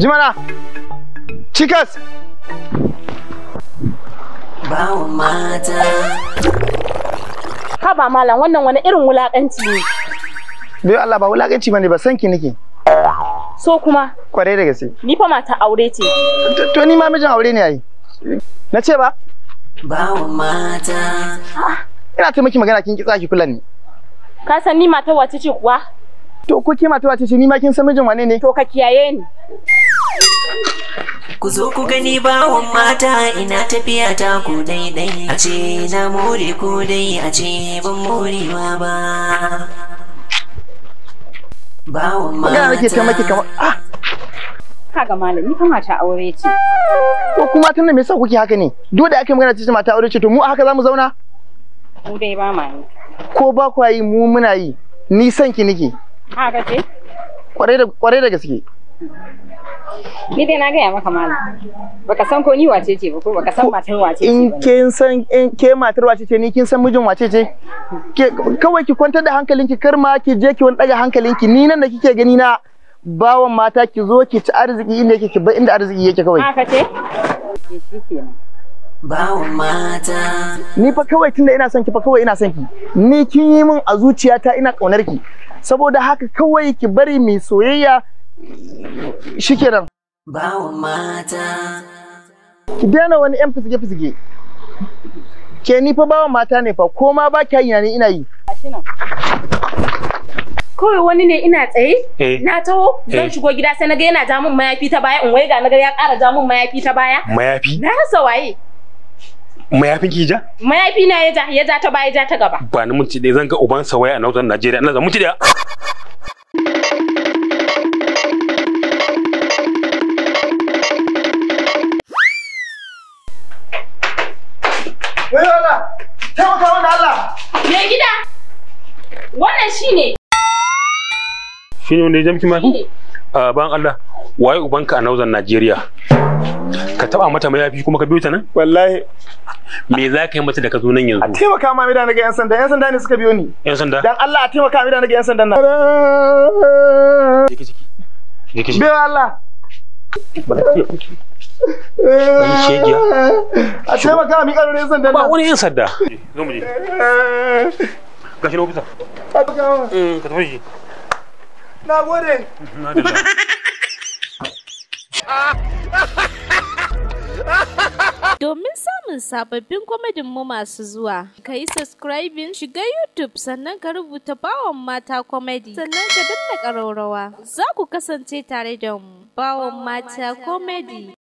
jimana cikas bawon mata haba malam wannan wani irin wulakanci ne bai Allah ba wulakanci bane ba sanki nake so kuma kwarai da gaske ni fa mata aure ce to ni ma mijin aure ne ai. na ce ba bawon mata ina ta miki magana kin kitsa ki kula ni ka san ni mata wace ce kuwa to ko ke mata wace ce ni ma kin san mijin wane ne to ka kiyaye ni Ku zo ku gani bawon mata ina tafiya ta ku daidai a ce na more ku dai a ce ban morewa ba. Bawon mata. Magana kamar ah. Kaga malami kan mata aure ce. Ko kuma tun da me yasa kuke haka ne? Dole da ake magana ta mata aure ce to mu a haka za mu zauna? Mu dai ba ma Ko ba ku yi mu muna yi. Ni son ki nike. Haka ce? Kwarai da gaske. Ni dai na gaya maka malam. Baka san ko ni wace ce ba ko baka san matar wace ce. In kin san in ke matar wace ce ni kin san mijin wace ce? Kawai ki kwantar da hankalinki kar ma ki je ki wani daga hankalinki ni nan da kike gani na bawan mata ki zo ki ci arziki inda yake ki bar inda arziki yake kawai. Haka ce? Eh, bawan mata. Ni fa kawai tunda ina son ki fa kawai ina son ki. Ni kin yi min a zuciyata ina kaunar ki. Saboda haka kawai ki bari mai soyayya shikenan bawon mata ki daina wani yan fisge fisge ke ni fa bawan mata ne fa ko ma ba ki hanya ne ina yi kawai wani ne ina tsaye eh. na taho zan eh. shigo gida sai naga yana ja min mayafi ta baya in wai ga naga ya ƙara ja min mayafi ta baya mayafi na rasa waye mayafin ki ja mayafi na ya ja ya ja ta baya ya ja ta gaba ba ni mun ci dai zan ga uban sa waya a nautan Najeriya ina zan mun ci da Wai Allah, taimaka mana Allah. Me gida? Wannan shine. ne. wanda ya jamki mafi? A ban Allah, waye ubanka a nauzan Najeriya? Ka taba mata mayafi kuma ka biyo ta nan? Wallahi. Me za ka yi mata da ka zo nan yanzu? A taimaka ma mida na ga 'yan sanda, 'yan sanda ne suka biyo ni. 'Yan sanda? Dan Allah a taimaka mida na ga 'yan sanda nan. Biyo Allah. Bala shegiya. a taimaka a miƙa sanda eh, zo mu je eh. na ofisa mm, Domin samun sababbin kwamidin mu masu zuwa, ka yi subscribing shiga YouTube sannan ka rubuta bawan mata komedi sannan ka danna ƙararrawa, Za ku kasance tare da mu, bawan mata komedi.